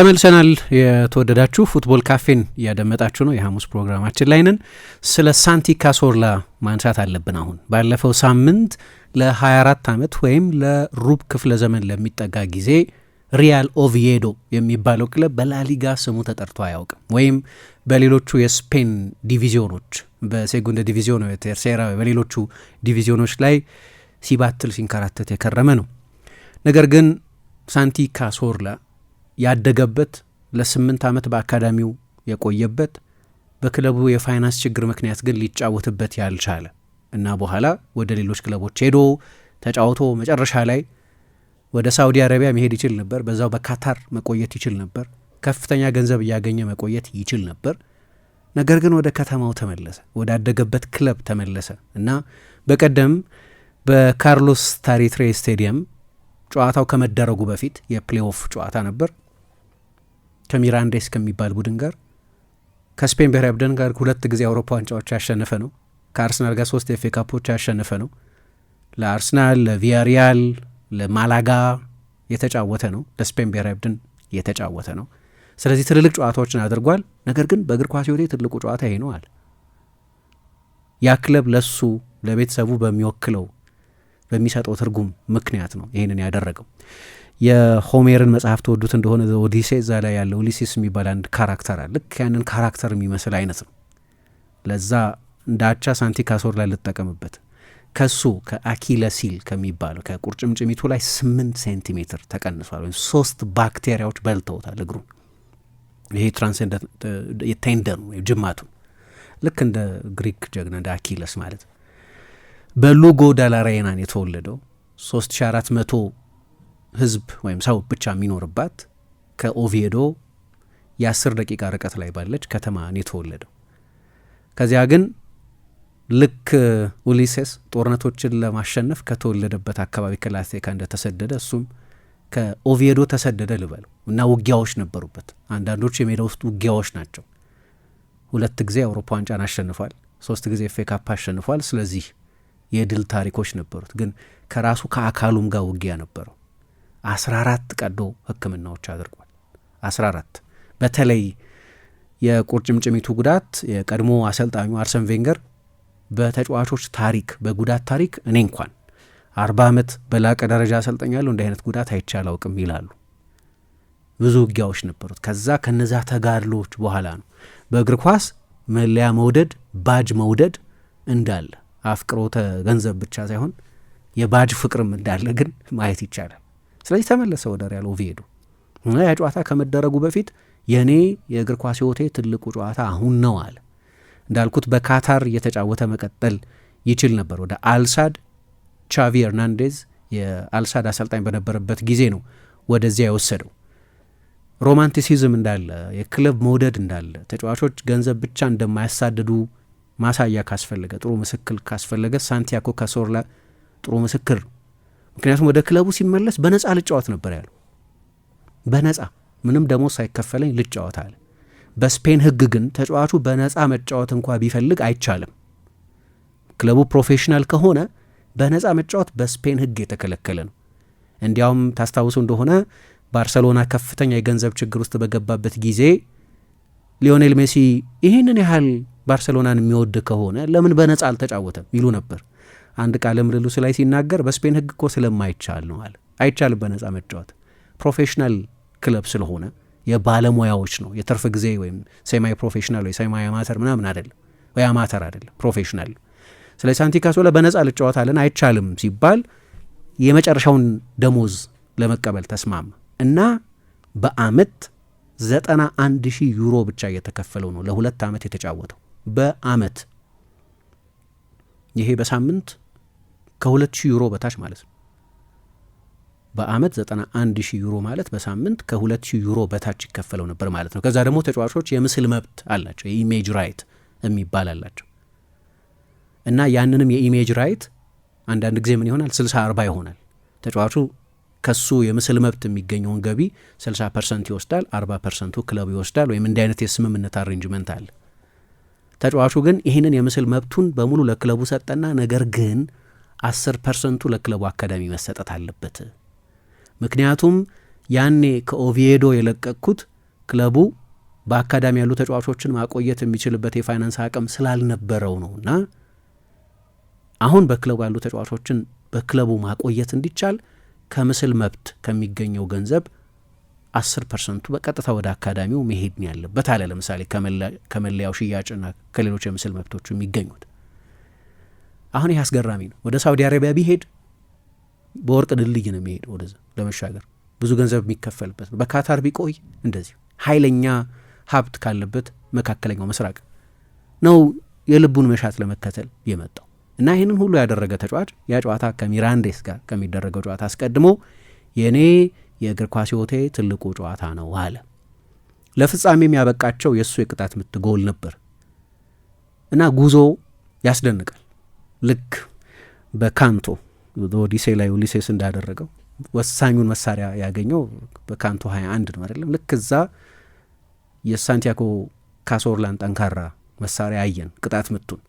ተመልሰናል። የተወደዳችሁ ፉትቦል ካፌን እያደመጣችሁ ነው። የሐሙስ ፕሮግራማችን ላይ ነን። ስለ ሳንቲ ካዞርላ ማንሳት አለብን። አሁን ባለፈው ሳምንት ለ24 ዓመት ወይም ለሩብ ክፍለ ዘመን ለሚጠጋ ጊዜ ሪያል ኦቪዬዶ የሚባለው ክለብ በላሊጋ ስሙ ተጠርቶ አያውቅም። ወይም በሌሎቹ የስፔን ዲቪዚዮኖች በሴጉንደ ዲቪዚዮን፣ ቴርሴራ፣ በሌሎቹ ዲቪዚዮኖች ላይ ሲባትል ሲንከራተት የከረመ ነው። ነገር ግን ሳንቲ ካዞርላ ያደገበት ለስምንት ዓመት በአካዳሚው የቆየበት በክለቡ የፋይናንስ ችግር ምክንያት ግን ሊጫወትበት ያልቻለ እና በኋላ ወደ ሌሎች ክለቦች ሄዶ ተጫውቶ መጨረሻ ላይ ወደ ሳውዲ አረቢያ መሄድ ይችል ነበር። በዛው በካታር መቆየት ይችል ነበር። ከፍተኛ ገንዘብ እያገኘ መቆየት ይችል ነበር። ነገር ግን ወደ ከተማው ተመለሰ፣ ወዳደገበት ክለብ ተመለሰ እና በቀደም በካርሎስ ታሪትሬ ስቴዲየም ጨዋታው ከመደረጉ በፊት የፕሌኦፍ ጨዋታ ነበር። ከሚራንዴስ ከሚባል ቡድን ጋር ከስፔን ብሔራዊ ቡድን ጋር ሁለት ጊዜ የአውሮፓ ዋንጫዎች ያሸነፈ ነው። ከአርሰናል ጋር ሶስት ኤፍ ካፖች ያሸነፈ ነው። ለአርሰናል፣ ለቪያሪያል፣ ለማላጋ የተጫወተ ነው። ለስፔን ብሔራዊ ቡድን የተጫወተ ነው። ስለዚህ ትልልቅ ጨዋታዎችን አድርጓል። ነገር ግን በእግር ኳስ ሕይወቴ ትልቁ ጨዋታ ይሄ ነው አለ። ያ ክለብ ለሱ ለቤተሰቡ በሚወክለው በሚሰጠው ትርጉም ምክንያት ነው ይህንን ያደረገው። የሆሜርን መጽሐፍ ተወዱት እንደሆነ ኦዲሴ እዛ ላይ ያለው ሊሲስ የሚባል አንድ ካራክተር አለ። ልክ ያንን ካራክተር የሚመስል አይነት ነው። ለዛ እንዳቻ ሳንቲ ካሶር ላይ ልጠቀምበት። ከሱ ከአኪለሲል ከሚባለው ከቁርጭምጭሚቱ ላይ ስምንት ሴንቲሜትር ተቀንሷል፣ ወይም ሶስት ባክቴሪያዎች በልተውታል እግሩ ይሄ ትራንሴንደንት ቴንደኑ ጅማቱ ልክ እንደ ግሪክ ጀግና እንደ አኪለስ ማለት በሉጎ ዳላሬናን የተወለደው ሶስት ሺ አራት መቶ ህዝብ ወይም ሰው ብቻ የሚኖርባት ከኦቪዬዶ የአስር ደቂቃ ርቀት ላይ ባለች ከተማ ነው የተወለደው። ከዚያ ግን ልክ ኡሊሴስ ጦርነቶችን ለማሸነፍ ከተወለደበት አካባቢ ከላስቴካ እንደተሰደደ እሱም ከኦቪዬዶ ተሰደደ ልበለው እና ውጊያዎች ነበሩበት። አንዳንዶቹ የሜዳ ውስጥ ውጊያዎች ናቸው። ሁለት ጊዜ የአውሮፓ ዋንጫን አሸንፏል። ሶስት ጊዜ ኤፍ ኤ ካፕ አሸንፏል። ስለዚህ የድል ታሪኮች ነበሩት። ግን ከራሱ ከአካሉም ጋር ውጊያ ነበረው። አስራ አራት ቀዶ ህክምናዎች አድርጓል። አስራ አራት በተለይ የቁርጭምጭሚቱ ጉዳት የቀድሞ አሰልጣኙ አርሰን ቬንገር በተጫዋቾች ታሪክ በጉዳት ታሪክ እኔ እንኳን አርባ ዓመት በላቀ ደረጃ አሰልጠኛለሁ እንዲህ አይነት ጉዳት አይቼ አላውቅም ይላሉ። ብዙ ውጊያዎች ነበሩት። ከዛ ከነዛ ተጋድሎዎች በኋላ ነው በእግር ኳስ መለያ መውደድ ባጅ መውደድ እንዳለ አፍቅሮተ ገንዘብ ብቻ ሳይሆን የባጅ ፍቅርም እንዳለ ግን ማየት ይቻላል። ስለዚህ ተመለሰ ወደ ሪያል ኦቪዬዶ እና ያ ጨዋታ ከመደረጉ በፊት የእኔ የእግር ኳስ ህይወቴ ትልቁ ጨዋታ አሁን ነው አለ። እንዳልኩት በካታር እየተጫወተ መቀጠል ይችል ነበር። ወደ አልሳድ ቻቪ ሄርናንዴዝ የአልሳድ አሰልጣኝ በነበረበት ጊዜ ነው ወደዚያ የወሰደው። ሮማንቲሲዝም እንዳለ የክለብ መውደድ እንዳለ ተጫዋቾች ገንዘብ ብቻ እንደማያሳድዱ ማሳያ ካስፈለገ ጥሩ ምስክር ካስፈለገ ሳንቲያጎ ካዞርላ ጥሩ ምስክር ነው። ምክንያቱም ወደ ክለቡ ሲመለስ በነጻ ልጫወት ነበር ያለው። በነጻ ምንም ደሞዝ ሳይከፈለኝ ልጫወት አለ። በስፔን ሕግ ግን ተጫዋቹ በነጻ መጫወት እንኳ ቢፈልግ አይቻልም። ክለቡ ፕሮፌሽናል ከሆነ በነጻ መጫወት በስፔን ሕግ የተከለከለ ነው። እንዲያውም ታስታውሱ እንደሆነ ባርሰሎና ከፍተኛ የገንዘብ ችግር ውስጥ በገባበት ጊዜ ሊዮኔል ሜሲ ይህንን ያህል ባርሰሎናን የሚወድ ከሆነ ለምን በነጻ አልተጫወተም ይሉ ነበር። አንድ ቃለ ምልልሱ ላይ ሲናገር በስፔን ህግ እኮ ስለማይቻል ነው አለ። አይቻልም በነጻ መጫወት ፕሮፌሽናል ክለብ ስለሆነ የባለሙያዎች ነው። የትርፍ ጊዜ ወይም ሴማይ ፕሮፌሽናል ወይ ሴማይ አማተር ምናምን አይደለም ወይ አማተር አይደለም ፕሮፌሽናል። ስለ ሳንቲ ካዞላ በነጻ ልጫወት አለን አይቻልም ሲባል የመጨረሻውን ደሞዝ ለመቀበል ተስማማ እና በአመት ዘጠና አንድ ሺህ ዩሮ ብቻ እየተከፈለው ነው ለሁለት ዓመት የተጫወተው በአመት ይሄ በሳምንት ከ2000 ዩሮ በታች ማለት ነው። በአመት 91 ሺህ ዩሮ ማለት በሳምንት ከ2000 ዩሮ በታች ይከፈለው ነበር ማለት ነው። ከዛ ደግሞ ተጫዋቾች የምስል መብት አላቸው፣ የኢሜጅ ራይት የሚባል አላቸው እና ያንንም የኢሜጅ ራይት አንዳንድ ጊዜ ምን ይሆናል 60 40 ይሆናል። ተጫዋቹ ከሱ የምስል መብት የሚገኘውን ገቢ 60 ፐርሰንት ይወስዳል፣ 40 ፐርሰንቱ ክለቡ ይወስዳል። ወይም እንዲህ አይነት የስምምነት አሬንጅመንት አለ። ተጫዋቹ ግን ይህንን የምስል መብቱን በሙሉ ለክለቡ ሰጠና ነገር ግን አስር ፐርሰንቱ ለክለቡ አካዳሚ መሰጠት አለበት። ምክንያቱም ያኔ ከኦቪዬዶ የለቀቅኩት ክለቡ በአካዳሚ ያሉ ተጫዋቾችን ማቆየት የሚችልበት የፋይናንስ አቅም ስላልነበረው ነው እና አሁን በክለቡ ያሉ ተጫዋቾችን በክለቡ ማቆየት እንዲቻል ከምስል መብት ከሚገኘው ገንዘብ አስር ፐርሰንቱ በቀጥታ ወደ አካዳሚው መሄድ ያለበት አለ። ለምሳሌ ከመለያው ሽያጭና ከሌሎች የምስል መብቶቹ የሚገኙት አሁን ይህ አስገራሚ ነው። ወደ ሳውዲ አረቢያ ቢሄድ በወርቅ ድልድይ ነው የሚሄድ ወደዛ ለመሻገር ብዙ ገንዘብ የሚከፈልበት ነው። በካታር ቢቆይ እንደዚሁ ኃይለኛ ሀብት ካለበት መካከለኛው ምስራቅ ነው የልቡን መሻት ለመከተል የመጣው እና ይህንን ሁሉ ያደረገ ተጫዋች ያ ጨዋታ ከሚራንዴስ ጋር ከሚደረገው ጨዋታ አስቀድሞ የእኔ የእግር ኳስ ሕይወቴ ትልቁ ጨዋታ ነው አለ። ለፍጻሜ የሚያበቃቸው የእሱ የቅጣት ምት ጎል ነበር እና ጉዞ ያስደንቃል። ልክ በካንቶ ኦዲሴ ላይ ኡሊሴስ እንዳደረገው ወሳኙን መሳሪያ ያገኘው በካንቶ 21 ነው አይደለም። ልክ እዛ የሳንቲያጎ ካሶርላን ጠንካራ መሳሪያ አየን፣ ቅጣት ምቱን።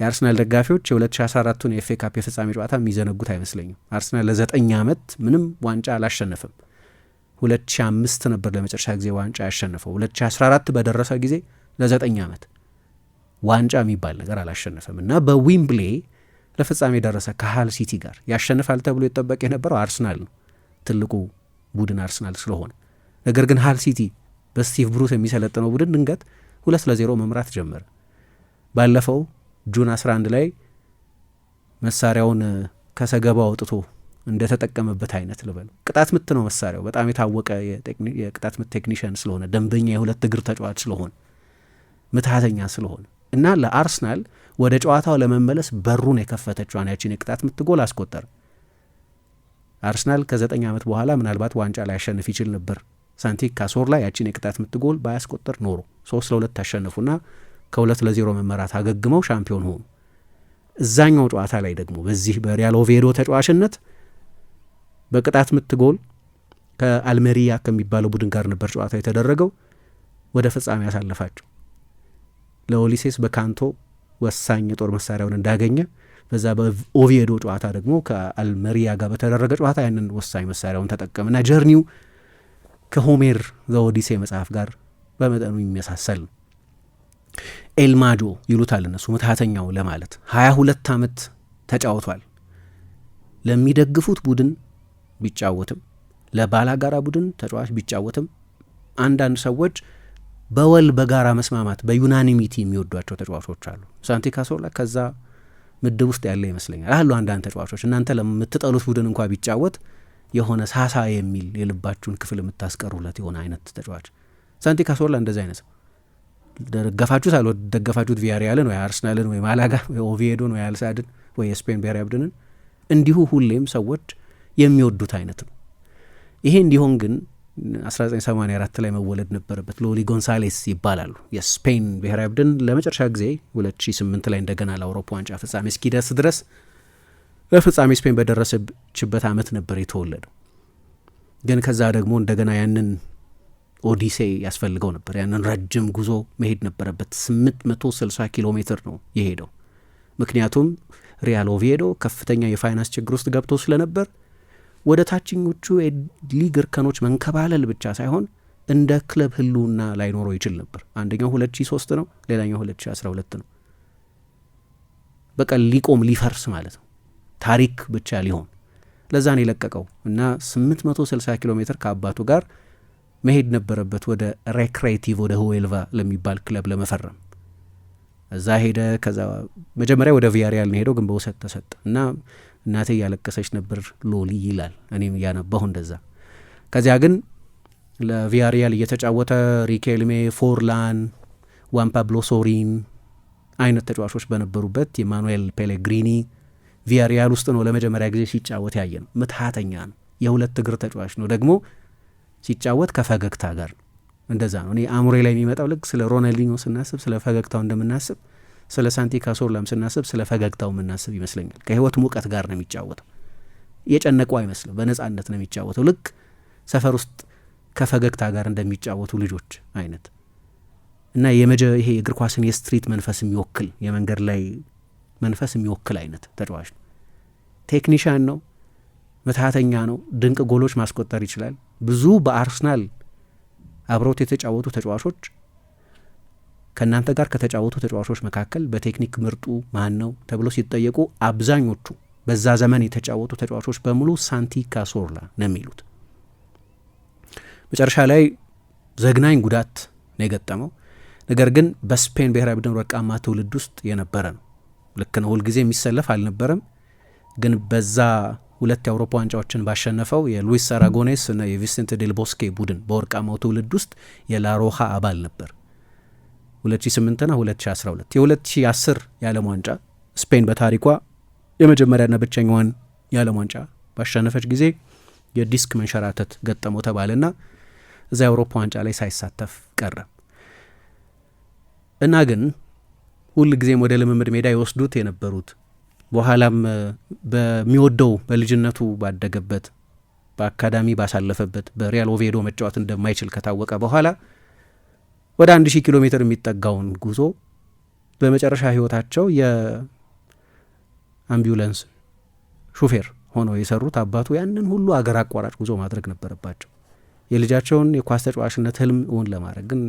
የአርሰናል ደጋፊዎች የ2014ቱን የኤፍ ኤ ካፕ የፍጻሜ ጨዋታ የሚዘነጉት አይመስለኝም። አርሰናል ለዘጠኝ ዓመት ምንም ዋንጫ አላሸነፈም። 2005 ነበር ለመጨረሻ ጊዜ ዋንጫ ያሸነፈው። 2014 በደረሰ ጊዜ ለዘጠኝ ዓመት ዋንጫ የሚባል ነገር አላሸነፈም እና በዊምብሌ ለፍጻሜ የደረሰ ከሃል ሲቲ ጋር ያሸንፋል ተብሎ የጠበቀ የነበረው አርሰናል ነው፣ ትልቁ ቡድን አርሰናል ስለሆነ። ነገር ግን ሃል ሲቲ በስቲቭ ብሩስ የሚሰለጥነው ቡድን ድንገት ሁለት ለዜሮ መምራት ጀመረ። ባለፈው ጁን 11 ላይ መሳሪያውን ከሰገባ አውጥቶ እንደተጠቀመበት አይነት ልበል። ቅጣት ምት ነው መሳሪያው። በጣም የታወቀ የቅጣት ምት ቴክኒሽያን ስለሆነ፣ ደንበኛ የሁለት እግር ተጫዋች ስለሆነ፣ ምትሃተኛ ስለሆነ እና ለአርሰናል ወደ ጨዋታው ለመመለስ በሩን የከፈተችዋን ያቺን የቅጣት ምትጎል አስቆጠር። አርሰናል ከዘጠኝ ዓመት በኋላ ምናልባት ዋንጫ ላይ ያሸንፍ ይችል ነበር ሳንቲ ላይ ያቺን የቅጣት ምትጎል ባያስቆጠር ኖሮ ሶስት ለሁለት አሸነፉና ከሁለት ለዜሮ መመራት አገግመው ሻምፒዮን ሆኑ። እዛኛው ጨዋታ ላይ ደግሞ በዚህ በሪያል ኦቬዶ ተጫዋችነት በቅጣት ምትጎል ከአልሜሪያ ከሚባለው ቡድን ጋር ነበር ጨዋታ የተደረገው። ወደ ፍጻሜ ያሳለፋቸው ለኦሊሴስ በካንቶ ወሳኝ የጦር መሳሪያውን እንዳገኘ በዛ በኦቪዶ ጨዋታ ደግሞ ከአልመሪያ ጋር በተደረገ ጨዋታ ያንን ወሳኝ መሳሪያውን ተጠቀም እና ጀርኒው ከሆሜር ዘኦዲሴ መጽሐፍ ጋር በመጠኑ የሚመሳሰል ነው። ኤልማጆ ይሉታል እነሱ ምትሃተኛው ለማለት ሀያ ሁለት ዓመት ተጫውቷል። ለሚደግፉት ቡድን ቢጫወትም ለባላጋራ ቡድን ተጫዋች ቢጫወትም አንዳንድ ሰዎች በወል በጋራ መስማማት በዩናኒሚቲ የሚወዷቸው ተጫዋቾች አሉ። ሳንቲ ካሶላ ከዛ ምድብ ውስጥ ያለ ይመስለኛል አሉ። አንዳንድ ተጫዋቾች እናንተ ለምትጠሉት ቡድን እንኳ ቢጫወት የሆነ ሳሳ የሚል የልባችሁን ክፍል የምታስቀሩለት የሆነ አይነት ተጫዋች ሳንቲ ካሶላ እንደዚህ አይነት ሰው ደገፋችሁት ደገፋችሁት ቪያሪያልን ወይ አርስናልን ወይ ማላጋ ወይ ኦቪዬዶን ወይ አልሳድን ወይ የስፔን ብሔራዊ ቡድንን እንዲሁ ሁሌም ሰዎች የሚወዱት አይነት ነው። ይሄ እንዲሆን ግን 1984 ላይ መወለድ ነበረበት። ሎሊ ጎንሳሌስ ይባላሉ። የስፔን ብሔራዊ ቡድን ለመጨረሻ ጊዜ 2008 ላይ እንደገና ለአውሮፓ ዋንጫ ፍጻሜ እስኪደርስ ድረስ በፍጻሜ ስፔን በደረሰችበት ዓመት ነበር የተወለደው። ግን ከዛ ደግሞ እንደገና ያንን ኦዲሴ ያስፈልገው ነበር። ያንን ረጅም ጉዞ መሄድ ነበረበት። 860 ኪሎ ሜትር ነው የሄደው። ምክንያቱም ሪያል ኦቪዬዶ ከፍተኛ የፋይናንስ ችግር ውስጥ ገብቶ ስለነበር ወደ ታችኞቹ የሊግ እርከኖች መንከባለል ብቻ ሳይሆን እንደ ክለብ ህልውና ላይኖረው ይችል ነበር። አንደኛው 2003 ነው፣ ሌላኛው 2012 ነው። በቃ ሊቆም ሊፈርስ ማለት ነው፣ ታሪክ ብቻ ሊሆን ለዛ ነው የለቀቀው እና 860 ኪሎ ሜትር ከአባቱ ጋር መሄድ ነበረበት ወደ ሬክሬቲቭ ወደ ሁዌልቫ ለሚባል ክለብ ለመፈረም እዛ ሄደ። ከዛ መጀመሪያ ወደ ቪያሪያል ነው ሄደው፣ ግን በውሰት ተሰጠ እና እናቴ እያለቀሰች ነበር ሎሊ ይላል። እኔም እያነባሁ እንደዛ። ከዚያ ግን ለቪያሪያል እየተጫወተ ሪኬልሜ፣ ፎርላን፣ ዋን ፓብሎ ሶሪን አይነት ተጫዋቾች በነበሩበት የማኑኤል ፔሌግሪኒ ቪያሪያል ውስጥ ነው ለመጀመሪያ ጊዜ ሲጫወት ያየ ነው። ምትሃተኛ ነው። የሁለት እግር ተጫዋች ነው። ደግሞ ሲጫወት ከፈገግታ ጋር እንደዛ ነው። እኔ አእምሮ ላይ የሚመጣው ልክ ስለ ሮናልዲኞ ስናስብ ስለ ፈገግታው እንደምናስብ ስለ ሳንቲ ካዞርላም ስናስብ ስለ ፈገግታው የምናስብ ይመስለኛል። ከህይወት ሙቀት ጋር ነው የሚጫወተው። የጨነቀው አይመስልም። በነጻነት ነው የሚጫወተው። ልክ ሰፈር ውስጥ ከፈገግታ ጋር እንደሚጫወቱ ልጆች አይነት እና የመጀ ይሄ የእግር ኳስን የስትሪት መንፈስ የሚወክል የመንገድ ላይ መንፈስ የሚወክል አይነት ተጫዋች ነው። ቴክኒሽያን ነው፣ ምትሃተኛ ነው፣ ድንቅ ጎሎች ማስቆጠር ይችላል። ብዙ በአርሰናል አብረውት የተጫወቱ ተጫዋቾች ከእናንተ ጋር ከተጫወቱ ተጫዋቾች መካከል በቴክኒክ ምርጡ ማን ነው ተብሎ ሲጠየቁ አብዛኞቹ በዛ ዘመን የተጫወቱ ተጫዋቾች በሙሉ ሳንቲ ካዞርላ ነው የሚሉት። መጨረሻ ላይ ዘግናኝ ጉዳት ነው የገጠመው። ነገር ግን በስፔን ብሔራዊ ቡድን ወርቃማ ትውልድ ውስጥ የነበረ ነው። ልክ ነው። ሁልጊዜ የሚሰለፍ አልነበረም። ግን በዛ ሁለት የአውሮፓ ዋንጫዎችን ባሸነፈው የሉዊስ አራጎኔስ እና የቪሴንት ዴልቦስኬ ቡድን በወርቃማው ትውልድ ውስጥ የላሮሃ አባል ነበር። 2008ና 2012 የ2010 የዓለም ዋንጫ ስፔን በታሪኳ የመጀመሪያና ብቸኛዋን የዓለም ዋንጫ ባሸነፈች ጊዜ የዲስክ መንሸራተት ገጠመው ተባለና እዛ የአውሮፓ ዋንጫ ላይ ሳይሳተፍ ቀረ እና ግን ሁል ጊዜም ወደ ልምምድ ሜዳ ይወስዱት የነበሩት በኋላም በሚወደው በልጅነቱ ባደገበት በአካዳሚ ባሳለፈበት በሪያል ኦቬዶ መጫወት እንደማይችል ከታወቀ በኋላ ወደ አንድ ሺህ ኪሎ ሜትር የሚጠጋውን ጉዞ በመጨረሻ ህይወታቸው የአምቢውለንስ ሹፌር ሆነው የሰሩት አባቱ ያንን ሁሉ አገር አቋራጭ ጉዞ ማድረግ ነበረባቸው። የልጃቸውን የኳስ ተጫዋችነት ህልም እውን ለማድረግ ግን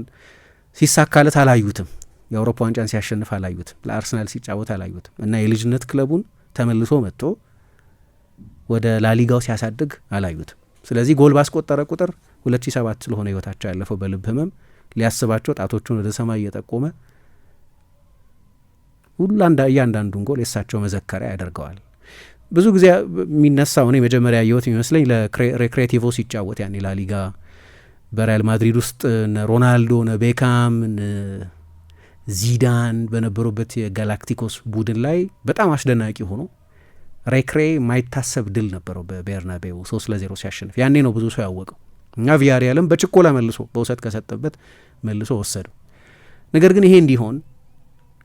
ሲሳካለት አላዩትም። የአውሮፓ ዋንጫን ሲያሸንፍ አላዩትም። ለአርሰናል ሲጫወት አላዩትም እና የልጅነት ክለቡን ተመልሶ መጥቶ ወደ ላሊጋው ሲያሳድግ አላዩትም። ስለዚህ ጎል ባስቆጠረ ቁጥር 2007 ስለሆነ ህይወታቸው ያለፈው በልብ ህመም ሊያስባቸው ጣቶቹን ወደ ሰማይ እየጠቆመ ሁሉ እያንዳንዱን ጎል የእሳቸው መዘከሪያ ያደርገዋል። ብዙ ጊዜ የሚነሳው እኔ መጀመሪያ ያየሁት የሚመስለኝ ለሬክሬቲቮ ሲጫወት ያኔ ላሊጋ በሪያል ማድሪድ ውስጥ ሮናልዶ፣ ቤካም፣ ዚዳን በነበሩበት የጋላክቲኮስ ቡድን ላይ በጣም አስደናቂ ሆኖ ሬክሬ ማይታሰብ ድል ነበረው በቤርናቤው ሶስት ለዜሮ ሲያሸንፍ ያኔ ነው ብዙ ሰው ያወቀው። እና ቪያሪያልም በችኮላ መልሶ በውሰት ከሰጠበት መልሶ ወሰዱ። ነገር ግን ይሄ እንዲሆን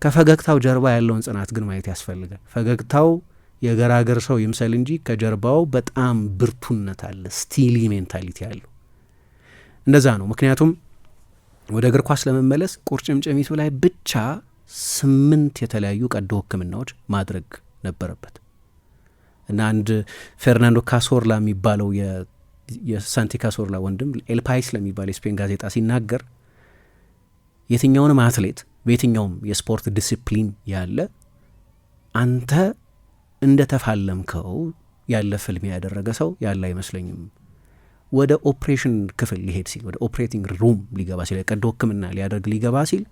ከፈገግታው ጀርባ ያለውን ጽናት ግን ማየት ያስፈልጋል። ፈገግታው የገራገር ሰው ይምሰል እንጂ ከጀርባው በጣም ብርቱነት አለ፣ ስቲሊ ሜንታሊቲ አለው። እንደዛ ነው። ምክንያቱም ወደ እግር ኳስ ለመመለስ ቁርጭምጭሚቱ ላይ ብቻ ስምንት የተለያዩ ቀዶ ሕክምናዎች ማድረግ ነበረበት እና አንድ ፌርናንዶ ካሶርላ የሚባለው የሳንቲ ካዞርላ ወንድም ኤልፓይስ ለሚባል የስፔን ጋዜጣ ሲናገር የትኛውንም አትሌት በየትኛውም የስፖርት ዲሲፕሊን ያለ አንተ እንደ ተፋለምከው ያለ ፍልም ያደረገ ሰው ያለ አይመስለኝም። ወደ ኦፕሬሽን ክፍል ሊሄድ ሲል ወደ ኦፕሬቲንግ ሩም ሊገባ ሲል የቀዶ ሕክምና ሊያደርግ ሊገባ ሲል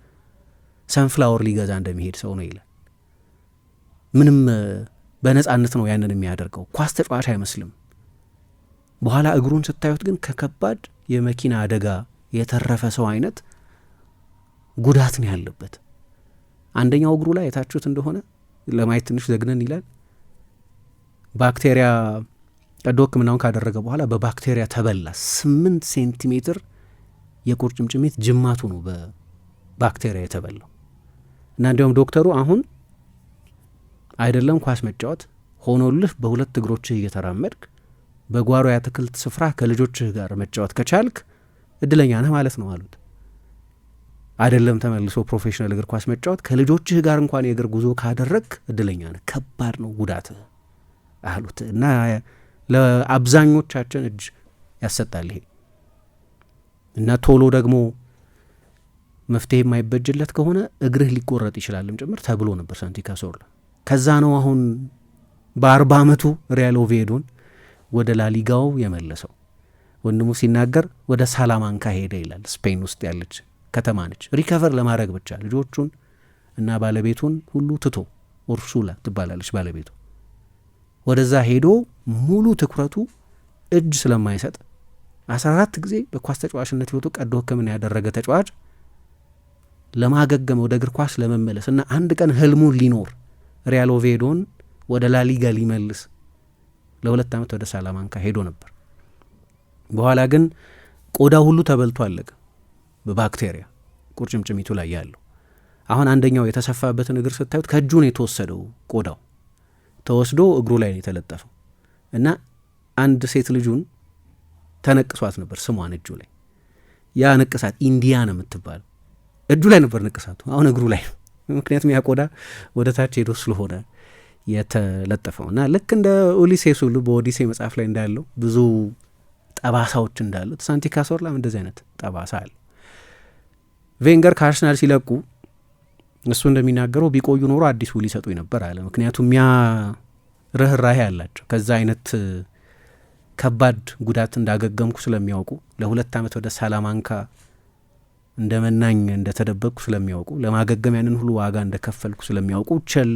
ሰንፍላወር ሊገዛ እንደሚሄድ ሰው ነው ይላል። ምንም በነጻነት ነው ያንን የሚያደርገው። ኳስ ተጫዋች አይመስልም። በኋላ እግሩን ስታዩት ግን ከከባድ የመኪና አደጋ የተረፈ ሰው አይነት ጉዳት ነው ያለበት። አንደኛው እግሩ ላይ የታችሁት እንደሆነ ለማየት ትንሽ ዘግነን ይላል። ባክቴሪያ ቀዶ ሕክምናውን ካደረገ በኋላ በባክቴሪያ ተበላ። ስምንት ሴንቲሜትር የቁርጭምጭሚት ጅማቱ ነው በባክቴሪያ የተበላው እና እንዲያውም ዶክተሩ አሁን አይደለም ኳስ መጫወት ሆኖልህ በሁለት እግሮችህ እየተራመድክ በጓሮ የአትክልት ስፍራ ከልጆችህ ጋር መጫወት ከቻልክ እድለኛ ነህ ማለት ነው አሉት። አይደለም ተመልሶ ፕሮፌሽናል እግር ኳስ መጫወት ከልጆችህ ጋር እንኳን የእግር ጉዞ ካደረግ እድለኛ ነህ፣ ከባድ ነው ጉዳትህ አሉት እና ለአብዛኞቻችን እጅ ያሰጣል ይሄ እና ቶሎ ደግሞ መፍትሄ የማይበጅለት ከሆነ እግርህ ሊቆረጥ ይችላልም ጭምር ተብሎ ነበር ሳንቲ ካዞርላ። ከዛ ነው አሁን በአርባ አመቱ ሪያል ኦቪዬዶን ወደ ላሊጋው የመለሰው። ወንድሙ ሲናገር ወደ ሳላማንካ ሄደ ይላል። ስፔን ውስጥ ያለች ከተማ ነች። ሪከቨር ለማድረግ ብቻ ልጆቹን እና ባለቤቱን ሁሉ ትቶ ኡርሱላ ትባላለች ባለቤቱ። ወደዛ ሄዶ ሙሉ ትኩረቱ እጅ ስለማይሰጥ አራት ጊዜ በኳስ ተጫዋችነት ህይወቱ ቀዶ ሕክምና ያደረገ ተጫዋች ለማገገም ወደ እግር ኳስ ለመመለስ እና አንድ ቀን ህልሙን ሊኖር ሪያል ኦቬዶን ወደ ላሊጋ ሊመልስ ለሁለት ዓመት ወደ ሳላማንካ ሄዶ ነበር። በኋላ ግን ቆዳ ሁሉ ተበልቶ አለቀ፣ በባክቴሪያ ቁርጭምጭሚቱ ላይ ያለው። አሁን አንደኛው የተሰፋበትን እግር ስታዩት ከእጁ ነው የተወሰደው፣ ቆዳው ተወስዶ እግሩ ላይ ነው የተለጠፈው እና አንድ ሴት ልጁን ተነቅሷት ነበር ስሟን እጁ ላይ ያ ንቅሳት ኢንዲያ ነው የምትባል እጁ ላይ ነበር ንቅሳቱ፣ አሁን እግሩ ላይ ነው። ምክንያቱም ያ ቆዳ ወደ ታች ሄዶ ስለሆነ የተለጠፈው እና ልክ እንደ ኡሊሴስ ሁሉ በኦዲሴ መጽሐፍ ላይ እንዳለው ብዙ ጠባሳዎች እንዳሉት ሳንቲ ካዞርላም እንደዚህ አይነት ጠባሳ አለ። ቬንገር ከአርሰናል ሲለቁ እሱ እንደሚናገረው ቢቆዩ ኖሮ አዲስ ውል ይሰጡኝ ነበር አለ። ምክንያቱም ያ ርኅራሄ አላቸው። ከዛ አይነት ከባድ ጉዳት እንዳገገምኩ ስለሚያውቁ፣ ለሁለት ዓመት ወደ ሳላማንካ እንደ መናኝ እንደተደበቅኩ ስለሚያውቁ፣ ለማገገም ያንን ሁሉ ዋጋ እንደከፈልኩ ስለሚያውቁ ቸል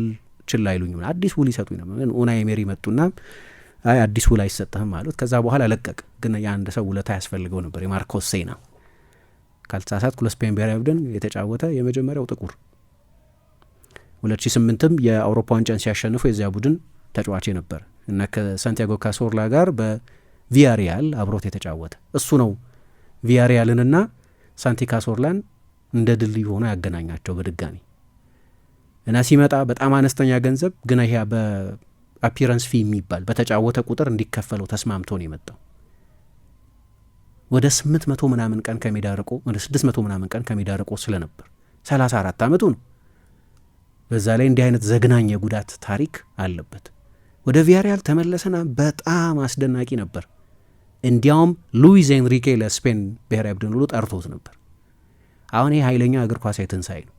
ችላ ይሉኝ አዲስ ውል ይሰጡኝ ነው። ኡናይ ኤመሪ መጡና አይ አዲስ ውል አይሰጥህም አሉት። ከዛ በኋላ ለቀቅ። ግን የአንድ ሰው ውለታ ያስፈልገው ነበር። የማርኮስ ሴና ካልተሳሳትኩ ለስፔን ብሔራዊ ቡድን የተጫወተ የመጀመሪያው ጥቁር፣ ሁለት ሺ ስምንትም የአውሮፓ ዋንጫን ሲያሸንፉ የዚያ ቡድን ተጫዋች ነበር እና ከሳንቲያጎ ካሶርላ ጋር በቪያሪያል አብሮት የተጫወተ እሱ ነው። ቪያሪያልንና ሳንቲ ካሶርላን እንደ ድልድይ ሆኖ ያገናኛቸው በድጋሚ እና ሲመጣ በጣም አነስተኛ ገንዘብ ግን ይሄ በአፒረንስ ፊ የሚባል በተጫወተ ቁጥር እንዲከፈለው ተስማምቶ ነው የመጣው። ወደ ስምንት መቶ ምናምን ቀን ከሜዳ ርቆ ወደ ስድስት መቶ ምናምን ቀን ከሜዳ ርቆ ስለነበር ሰላሳ አራት ዓመቱ ነው። በዛ ላይ እንዲህ አይነት ዘግናኝ የጉዳት ታሪክ አለበት። ወደ ቪያሪያል ተመለሰና በጣም አስደናቂ ነበር። እንዲያውም ሉዊዝ ኤንሪኬ ለስፔን ብሔራዊ ቡድን ሁሉ ጠርቶት ነበር። አሁን ይህ ኃይለኛ እግር ኳስ ትንሣኤ ነው።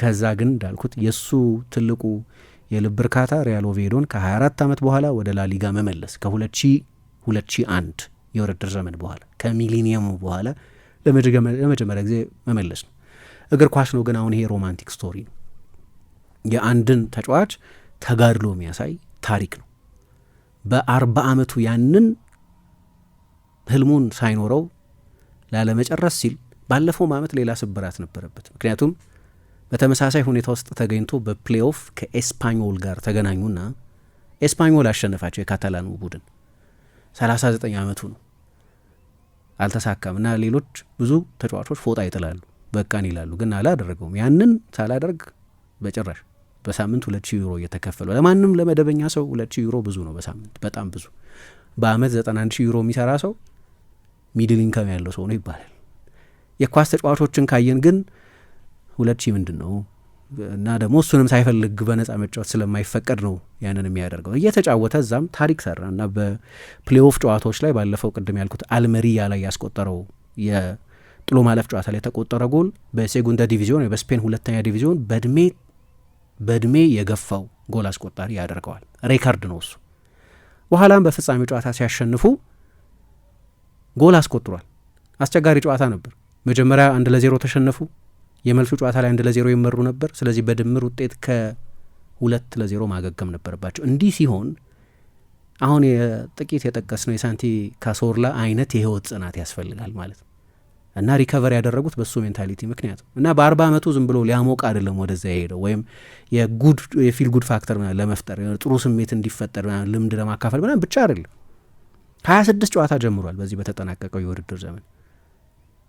ከዛ ግን እንዳልኩት የእሱ ትልቁ የልብ እርካታ ሪያል ኦቬዶን ከ24 ዓመት በኋላ ወደ ላሊጋ መመለስ ከ2001 የውድድር ዘመን በኋላ ከሚሊኒየሙ በኋላ ለመጀመሪያ ጊዜ መመለስ ነው። እግር ኳስ ነው ግን አሁን ይሄ ሮማንቲክ ስቶሪ ነው። የአንድን ተጫዋች ተጋድሎ የሚያሳይ ታሪክ ነው። በአርባ ዓመቱ ያንን ህልሙን ሳይኖረው ላለመጨረስ ሲል ባለፈውም ዓመት ሌላ ስብራት ነበረበት ምክንያቱም በተመሳሳይ ሁኔታ ውስጥ ተገኝቶ በፕሌኦፍ ከኤስፓኞል ጋር ተገናኙና ኤስፓኞል አሸነፋቸው። የካታላኑ ቡድን 39 ዓመቱ ነው። አልተሳካም እና ሌሎች ብዙ ተጫዋቾች ፎጣ ይጥላሉ፣ በቃን ይላሉ። ግን አላደረገውም። ያንን ሳላደርግ በጭራሽ በሳምንት ሁለት ሺህ ዩሮ እየተከፈለው ለማንም ለመደበኛ ሰው ሁለት ሺህ ዩሮ ብዙ ነው። በሳምንት በጣም ብዙ። በአመት 91 ሺህ ዩሮ የሚሰራ ሰው ሚድል ኢንከም ያለው ሰው ነው ይባላል። የኳስ ተጫዋቾችን ካየን ግን ሁለት ሺህ ምንድን ነው እና ደግሞ እሱንም ሳይፈልግ በነጻ መጫወት ስለማይፈቀድ ነው ያንን የሚያደርገው። እየተጫወተ እዛም ታሪክ ሰራ እና በፕሌኦፍ ጨዋታዎች ላይ ባለፈው ቅድም ያልኩት አልመሪያ ላይ ያስቆጠረው የጥሎ ማለፍ ጨዋታ ላይ የተቆጠረ ጎል በሴጉንዳ ዲቪዚዮን ወይ በስፔን ሁለተኛ ዲቪዚዮን በእድሜ በእድሜ የገፋው ጎል አስቆጣሪ ያደርገዋል። ሬከርድ ነው እሱ። በኋላም በፍጻሜ ጨዋታ ሲያሸንፉ ጎል አስቆጥሯል። አስቸጋሪ ጨዋታ ነበር። መጀመሪያ አንድ ለዜሮ ተሸነፉ። የመልሱ ጨዋታ ላይ አንድ ለዜሮ ይመሩ ነበር። ስለዚህ በድምር ውጤት ከሁለት ለዜሮ ማገገም ነበረባቸው። እንዲህ ሲሆን አሁን ጥቂት የጠቀስ ነው የሳንቲ ካሶርላ አይነት የህይወት ጽናት ያስፈልጋል ማለት ነው እና ሪከቨር ያደረጉት በሱ ሜንታሊቲ ምክንያት እና በአርባ ዓመቱ ዝም ብሎ ሊያሞቅ አይደለም ወደዚያ የሄደው ወይም የፊል ጉድ ፋክተር ለመፍጠር ጥሩ ስሜት እንዲፈጠር ልምድ ለማካፈል ምናምን ብቻ አይደለም። ሀያ ስድስት ጨዋታ ጀምሯል በዚህ በተጠናቀቀው የውድድር ዘመን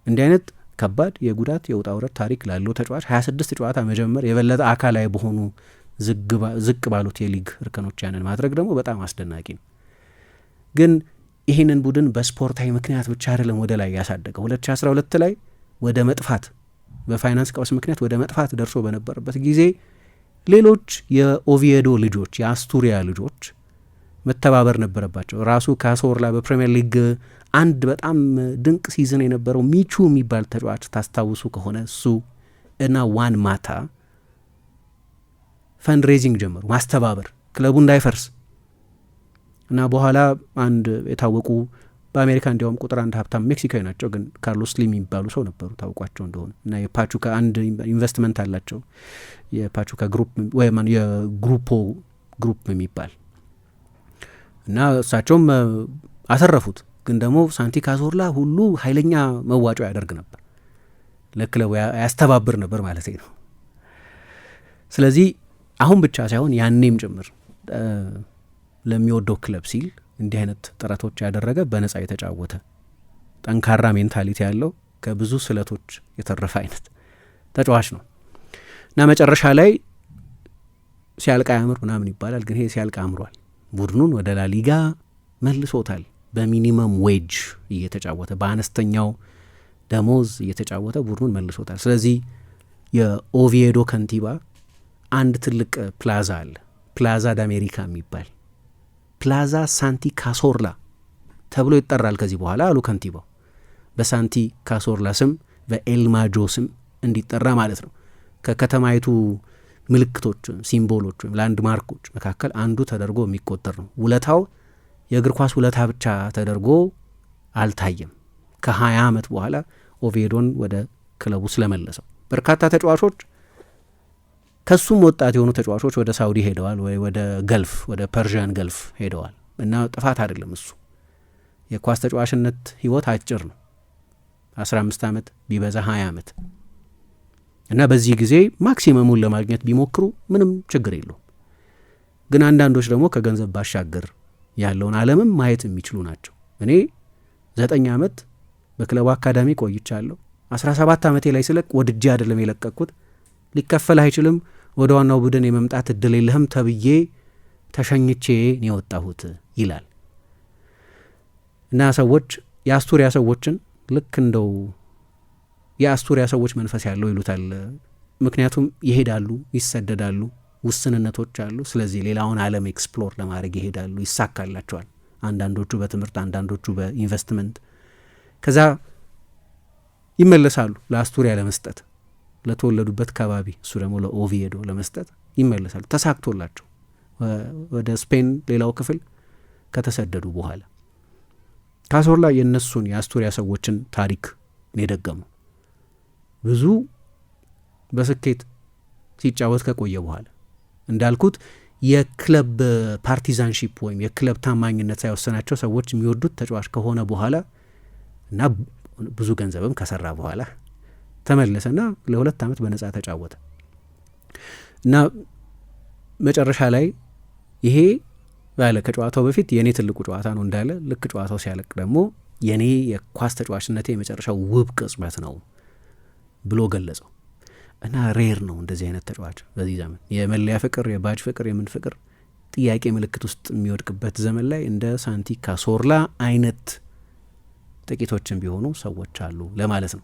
እንዲህ አይነት ከባድ የጉዳት የውጣ ውረድ ታሪክ ላለው ተጫዋች 26 ጨዋታ መጀመር የበለጠ አካላዊ በሆኑ ዝቅ ባሉት የሊግ እርከኖች ያንን ማድረግ ደግሞ በጣም አስደናቂ ነው። ግን ይህንን ቡድን በስፖርታዊ ምክንያት ብቻ አይደለም ወደ ላይ ያሳደገው። 2012 ላይ ወደ መጥፋት በፋይናንስ ቀውስ ምክንያት ወደ መጥፋት ደርሶ በነበረበት ጊዜ ሌሎች የኦቪየዶ ልጆች የአስቱሪያ ልጆች መተባበር ነበረባቸው። ራሱ ካሶርላ በፕሪምየር ሊግ አንድ በጣም ድንቅ ሲዝን የነበረው ሚቹ የሚባል ተጫዋች ታስታውሱ ከሆነ እሱ እና ዋን ማታ ፈንድሬዚንግ ጀመሩ፣ ማስተባበር ክለቡ እንዳይፈርስ እና በኋላ አንድ የታወቁ በአሜሪካ እንዲያውም ቁጥር አንድ ሀብታም ሜክሲካዊ ናቸው፣ ግን ካርሎስ ስሊም የሚባሉ ሰው ነበሩ ታውቋቸው እንደሆነ እና የፓቹካ አንድ ኢንቨስትመንት አላቸው የፓቹካ ግሩፕ ወይ የግሩፖ ግሩፕ የሚባል እና እሳቸውም አሰረፉት ግን ደግሞ ሳንቲ ካዞርላ ሁሉ ኃይለኛ መዋጮ ያደርግ ነበር፣ ለክለቡ ያስተባብር ነበር ማለት ነው። ስለዚህ አሁን ብቻ ሳይሆን ያኔም ጭምር ለሚወደው ክለብ ሲል እንዲህ አይነት ጥረቶች ያደረገ በነጻ የተጫወተ ጠንካራ ሜንታሊቲ ያለው ከብዙ ስለቶች የተረፈ አይነት ተጫዋች ነው እና መጨረሻ ላይ ሲያልቅ አያምር ምናምን ይባላል። ግን ይሄ ሲያልቅ አምሯል። ቡድኑን ወደ ላሊጋ መልሶታል። በሚኒመም ዌጅ እየተጫወተ በአነስተኛው ደሞዝ እየተጫወተ ቡድኑን መልሶታል። ስለዚህ የኦቪየዶ ከንቲባ አንድ ትልቅ ፕላዛ አለ፣ ፕላዛ ዳሜሪካ የሚባል ፕላዛ ሳንቲ ካሶርላ ተብሎ ይጠራል ከዚህ በኋላ አሉ ከንቲባው። በሳንቲ ካሶርላ ስም በኤልማጆ ስም እንዲጠራ ማለት ነው። ከከተማይቱ ምልክቶች፣ ሲምቦሎች ወይም ላንድማርኮች መካከል አንዱ ተደርጎ የሚቆጠር ነው ውለታው የእግር ኳስ ውለታ ብቻ ተደርጎ አልታየም። ከ20 ዓመት በኋላ ኦቬዶን ወደ ክለቡ ስለመለሰው በርካታ ተጫዋቾች ከሱም ወጣት የሆኑ ተጫዋቾች ወደ ሳውዲ ሄደዋል፣ ወይ ወደ ገልፍ ወደ ፐርዥያን ገልፍ ሄደዋል እና ጥፋት አይደለም እሱ። የኳስ ተጫዋችነት ህይወት አጭር ነው፣ አምስት ዓመት ቢበዛ ሀያ ዓመት እና በዚህ ጊዜ ማክሲመሙን ለማግኘት ቢሞክሩ ምንም ችግር የለውም። ግን አንዳንዶች ደግሞ ከገንዘብ ባሻገር ያለውን ዓለምም ማየት የሚችሉ ናቸው። እኔ ዘጠኝ ዓመት በክለቡ አካዳሚ ቆይቻለሁ። አስራ ሰባት ዓመቴ ላይ ስለቅ ወድጄ አይደለም የለቀቅኩት። ሊከፈል አይችልም፣ ወደ ዋናው ቡድን የመምጣት እድል የለህም ተብዬ ተሸኝቼ ነው የወጣሁት ይላል እና ሰዎች የአስቱሪያ ሰዎችን ልክ እንደው የአስቱሪያ ሰዎች መንፈስ ያለው ይሉታል። ምክንያቱም ይሄዳሉ፣ ይሰደዳሉ ውስንነቶች አሉ። ስለዚህ ሌላውን ዓለም ኤክስፕሎር ለማድረግ ይሄዳሉ፣ ይሳካላቸዋል። አንዳንዶቹ በትምህርት፣ አንዳንዶቹ በኢንቨስትመንት ከዛ ይመለሳሉ ለአስቱሪያ ለመስጠት ለተወለዱበት ከባቢ እሱ ደግሞ ለኦቪዶ ለመስጠት ይመለሳሉ ተሳክቶላቸው ወደ ስፔን ሌላው ክፍል ከተሰደዱ በኋላ ላይ የእነሱን የአስቱሪያ ሰዎችን ታሪክ ነው የደገመው። ብዙ በስኬት ሲጫወት ከቆየ በኋላ እንዳልኩት የክለብ ፓርቲዛንሺፕ ወይም የክለብ ታማኝነት ሳይወሰናቸው ሰዎች የሚወዱት ተጫዋች ከሆነ በኋላ እና ብዙ ገንዘብም ከሰራ በኋላ ተመለሰና ለሁለት ዓመት በነጻ ተጫወተ እና መጨረሻ ላይ ይሄ ያለ ከጨዋታው በፊት የእኔ ትልቁ ጨዋታ ነው እንዳለ ልክ ጨዋታው ሲያለቅ ደግሞ የእኔ የኳስ ተጫዋችነቴ የመጨረሻው ውብ ቅጽበት ነው ብሎ ገለጸው። እና ሬር ነው እንደዚህ አይነት ተጫዋች በዚህ ዘመን የመለያ ፍቅር፣ የባጅ ፍቅር፣ የምን ፍቅር ጥያቄ ምልክት ውስጥ የሚወድቅበት ዘመን ላይ እንደ ሳንቲ ካዞርላ አይነት ጥቂቶችን ቢሆኑ ሰዎች አሉ ለማለት ነው።